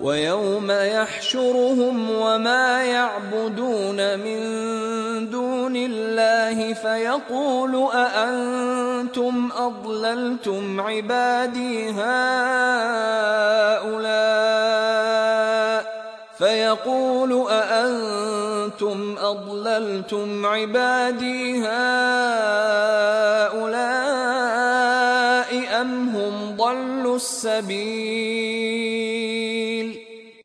ويوم يحشرهم وما يعبدون من دون الله فيقول أأنتم أضللتم عبادي هؤلاء فيقول أأنتم أضللتم عبادي هؤلاء أم هم ضلوا السبيل